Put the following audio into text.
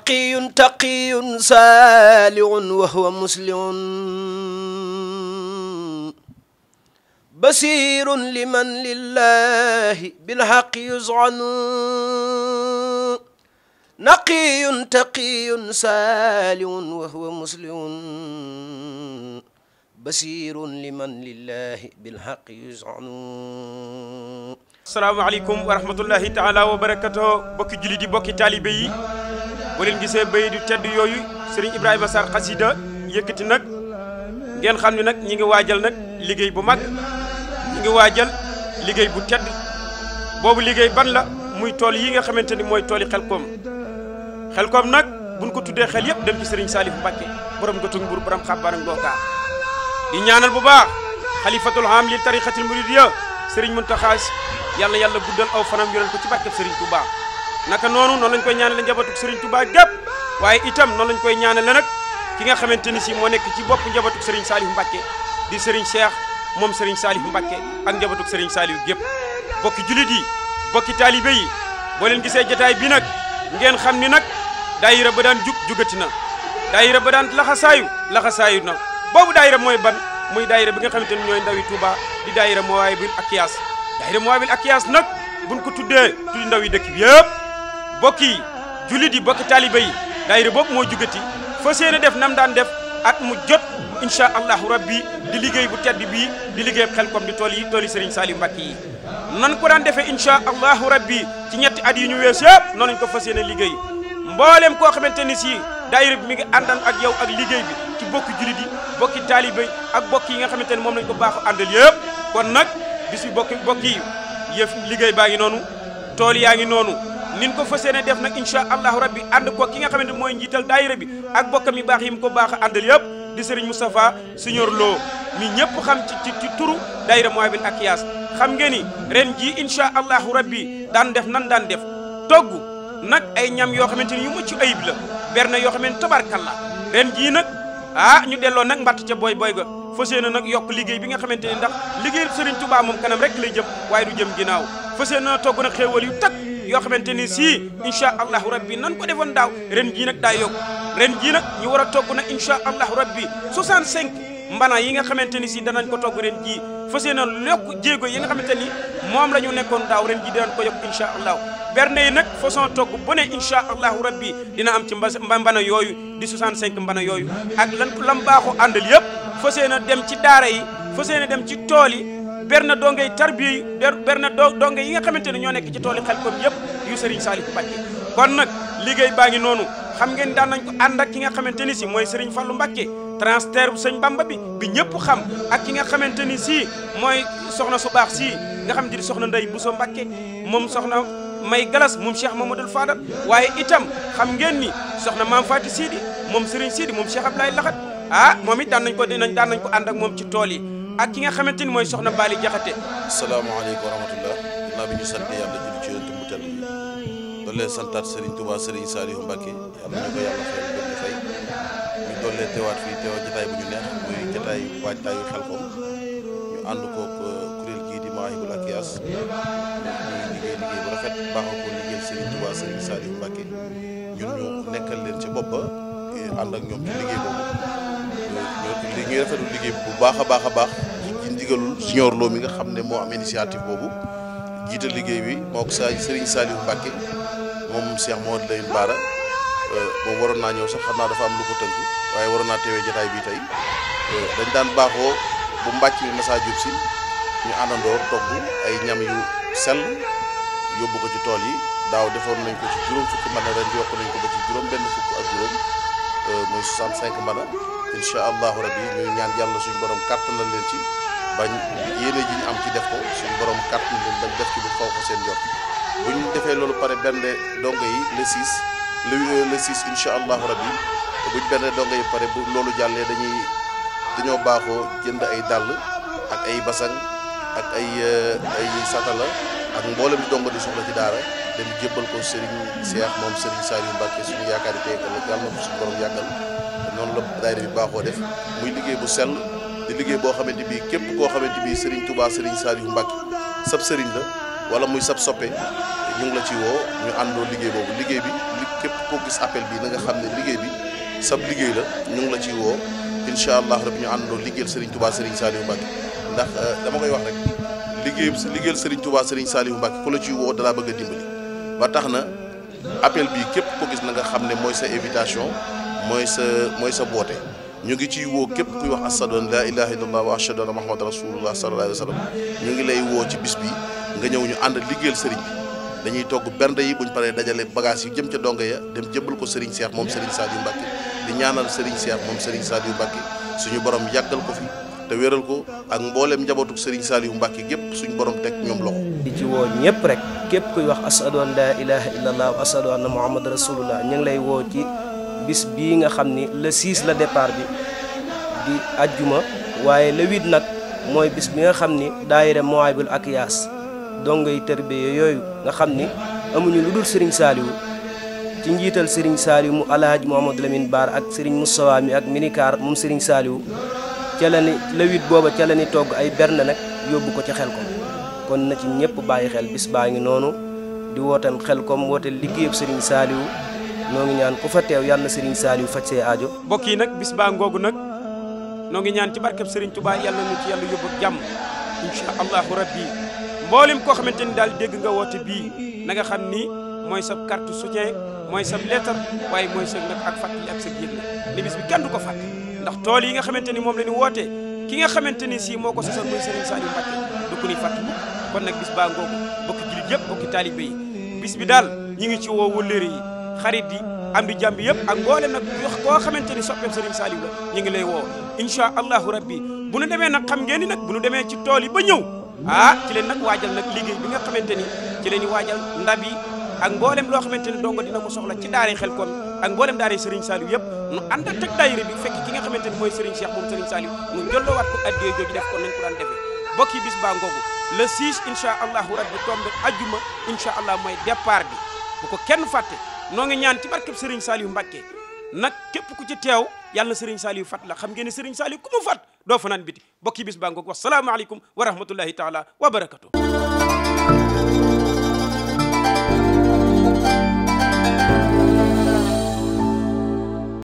تقي تقي سالع وهو مسلم بصير لمن لله بالحق يزعن نقي تقي سالع وهو مسلم بصير لمن لله بالحق يزعن السلام عليكم ورحمة الله تعالى وبركاته بك جلدي بك طالبي bu leen gisee bay du tedd yoyu serigne Ibrahima sar xasida yekati nak ngeen xamni nak ñi ngi wajjal nak liggey bu mag ñi ngi wajjal liggey bu tedd bobu liggey ban la muy tol yi nga xamanteni moy toli xelkom xelkom nak buñ ko tuddé xel yépp dem ci serigne Salif Mbacke borom gëtug mbur borom xabar ak mbookaa di ñaanal bu baax khalifatul ham li tarixatil muridiyya serigne muntakhas yalla yalla guddal aw fanam yoral ko ci barkeb serigne touba naka nonu non lañ koy ñaanale njabootu Serigne Touba gep waye itam non lañ koy ñaanale nak ki nga xamanteni ci mo nek ci bop njabootu Serigne Saliou Mbacké di Serigne Cheikh mom Serigne Saliou Mbacké ak njabootu Serigne Saliou gep bokki julit yi bokki taalibe yi bo len gisee jotaay bi nak ngeen xam ni daayira ba daan jug jugatina. daayira ba daan laxasaayu laxasaayu na bobu daayira moy ban muy daayira bi nga xamanteni ñoy ndawi Touba di daayira Mawahibou Akyas daayira Mawahibou Akyas nak buñ ko tuddé tuddi ndawi dekk bi yépp bokki jullit yi bokki taalibe yi daayira boobu moo jugati fa seen def nam daan def at mu jot incha allahu rabbi di liggéey bu tedd bii di liggéey Xelcom di tool yi tool yi Serigne Saliou Mbacké yi nan ko daan defee incha allahu rabbi ci ñetti at yi ñu wees yëpp noonu ñu ko fas yéene liggéey mboolem koo xamante ni si daayira bi mi ngi àndan ak yow ak liggéey bi ci bokki jullit yi bokki taalibe ak bokk yi nga xamante ni moom lañ ko baaxu àndal yëpp kon nag bis bi bokki bokk yi yëf liggéey baa ngi noonu tool yaa ngi noonu nin ko fas yéene def nag incha allahu rabbi ànd ko ki nga xamante mooy njiital daayira bi ak bokkam yi baax yi mu ko baax a àndal yëpp di sëriñ Moustapha Signor Lo mi ñëpp xam ci ci ci turu daayira Mouwahiboul Akyaas xam ngeen ni ren jii incha allahu rabbi daan def nan daan def togg nag ay ñam yoo te ni yu mucc ayib la berne yoo xamante tabarkalla ren jii nag ah ñu delloo nag mbatt ca boy boy ga fas yéene nag yokk liggéey bi nga xamante ni ndax liggéey Serigne Touba moom kanam rek lay jëm waaye du jëm ginnaaw fas yoo xamante ni sii incha allahu rabbi nan ko defoon daaw ren jii nag daa yokk ren jii nag ñu a togg nag incha allahu rabbi 65 mbana yi nga xamante ni si danañ ko togg ren jii fas yéene yokk jéego yi nga xamante ni moom la nekkoon daaw ren jii dinañ ko yokk incha allahu berne yi nag façon togg bu ne incha allahu rabbi dina am ci mba mbana yooyu di 65 mbana yooyu ak lan lam baaxu àndal yëpp fas yéene dem ci daara yi fas yéene dem ci berna donge yi tarbiya berna berne donge yi nga xamanteni ño nek nekk ci tooli Khelcom yëpp yu Serigne Salif mbacke kon nak liggey baangi nonu xam ngeen daan nañ ko and ak ki nga xamanteni ni si mooy Serigne fallu mbacke transfert bu sëñ Bamba bi bi ñepp xam ak ki nga xamanteni ni si mooy soxna su bax si nga xam di soxna ndey bu so mbacke mom soxna may galas mom Cheikh Mamadou Fadal waye itam xam ngeen ni soxna mam Fatou Sidi mom Serigne Sidi mom Cheikh Abdoulaye lakhat ah moom dan nañ ko dinañ dan nañ ko and ak mom ci toli ak ki nga xamante ni mooy soxna Bali Jaxate asalaamaaleykum wa rahmatullah naa bi ñu sante yàlla julli ci yonent bu tedd bi doollee santaat Serigne Touba Serigne Saliou Mbacké yàlla ñu ko yàlla fay doon fay ñu doollee teewaat fii teewa jotaay euh, liggéey liggéey bu rafet baaxoo ko liggéeyal Serigne Touba Serigne Saliou Mbacké ñun ñu nekkal leen ci bopp ba eh, ànd ñoom ci liggéey boobu ñoo ñuy rafetlu liggéey bu baax a baax a baax ci ndigalul Sëriñ Lo nga xam ne moo am initiative boobu jiite liggéey bi moo ko sa Serigne Saliou Mbacké moom Cheikh Mouhamadou Lamine Bara euh, moom waroon naa ñëw sax xam naa dafa am lu ko tënk waaye waroon naa teewee jotaay bi tey euh, dañ daan baaxoo bu mbàcc mi massa jub si ñu àndandoo togg ay ñam yu sel yóbbu ko ci tool yi daaw defoon nañ ko ci juróom fukki mbana ren yokk nañ ko ba juróom benn fukk ak juróom euh, muy 65 mbana incha allahu rabi ñuy ñaan yàlla suñ borom kàttan la leen ci bañ yéene ji ñu am ci def ko suñ borom kàttan leen bañ def ci lu faw ko seen bu ñu defee loolu pare benn dongo yi le 6 le le 6 incha allahu rabi bu ñu benn dongo yi pare bu loolu jàllee dañuy dañoo baaxoo jënd ay dàll ak ay basang ak ay euh, ay satala ak mboolem dongo di soxla ci daara dem jébbal ko seen Cheikh moom Serigne Saliou Mbacke suñu yaakaar yi tey ëllëg yàlla na ko suñu borom yàggal. noonu la daayira bi baaxoo def muy liggéey bu sell di liggéey boo xamante bi képp koo xamante bii Serigne Touba Serigne Saliou Mbacké sab sëriñ la wala muy sab soppe ñu ngi la ci woo ñu àndoo liggéey boobu liggéey bi li képp koo gis appel bii na nga xam ne liggéey bi sab liggéey la ñu ngi la ciy woo incha allah rabbi ñu àndoo liggéeyal Serigne Touba Serigne Saliou Mbacké ndax euh, dama koy wax rek liggéey liggéeyal Serigne Touba Serigne Saliou Mbacké ku la ci woo dalaa bëgg a dimbali ba tax na appel bii képp ko gis na nga xam ne mooy sa invitation mooy sa mooy sa boote ñu ngi ciy woo képp kuy wax ashadu an laa ilaha illallah wa ashadu anna muhammadan rasulullah sallallahu alayhi wa sallam ñu ngi lay woo ci bis nga ñëw ñu ànd liggéeyal sëriñ bi dañuy togg bernde yi buñ paree dajale bagage yi jëm ca donga ya dem jëbbal ko sëriñ Seex moom sëriñ Sadio Mbacke di ñaanal sëriñ Seex moom sëriñ Sadio Mbacke suñu borom yàggal ko fi te wéral ko ak mbooleem njabootuk sëriñ Saliou Mbacke gépp suñu borom teg ñoom loxo di ci woo ñëpp rek képp kuy wax ashadu an laa ilaha illallah wa ashadu anna muhammadan rasulullah ñu ngi lay woo ci bis bii nga xam ni le 6 la départ bi di ajjuma waaye le 8 nag mooy bis bi nga xam ni daayira Mawahibou Akyaas dongay tërbiya yooyu nga xam ni amuñu lu dul Serigne Saliou ci njiital Serigne Saliou mu Alhaji Mouhamadou Lamine Baar ak Serigne Moustapha mi ak Minikar moom Serigne Saliou ca la ni le booba ca la ni togg ay berne nag yóbbu ko ca xel ko kon na ci ñëpp bàyyi xel bis baa ngi noonu di wootal xel kom wootal liggéeyub Serigne Saliou noo ñaan ku fa teew yàlla na Serigne Saliou faj see aajo. mbokk yi nag bis baa ngoogu nag noo ngi ñaan ci barkeb Serigne Touba yàlla nu ci yàlla yóbbu jàmm incha allahu rabbi mboolem koo xamante ni daal dégg nga woote bii na xam ni mooy sa carte soutien mooy sa lettre waaye mooy sa ak fàttali ak sa yëgle ni ko fàtte ndax tool yi nga xamante ni moom la woote ki nga xamante ni si moo ko sosal mooy Serigne Saliou Mbacké kon nag bis baa ngoogu bokki jullit yëpp bokki taalibe yi bis bi daal ñi ngi ci woo wëllëre yi xarit yi am bi jàmbi yëpp ak mboolem nag koo xamante ni soppeem Serigne la ñu ngi lay woo incha allahu rabbi bu nu demee nag xam ngeen ni bu nu demee ci tool yi ba ñëw ah ci leen nag waajal nag liggéey bi nga xamante ni ci leen waajal ndab yi ak mboolem loo xamante ni dongo dina ko soxla ci daaree xel kon ak mboolem daaree Serigne Saliou yëpp nu ànd ak teg daayira bi fekk ki nga xamante ni mooy Serigne Cheikh moom Serigne Saliou mu jolloowaat ko mooy départ bi bu ko kenn fàtte noo ngi ñaan ci barkeb Serigne Saliou Mbacké nag képp ku ci teew yàlla na Serigne Saliou fat la xam ngeen ne Serigne Saliou ku mu fat doo fanaan biti bokki bis baa ngoog wasalaamaaleykum wa rahmatullahi taala wa barakatu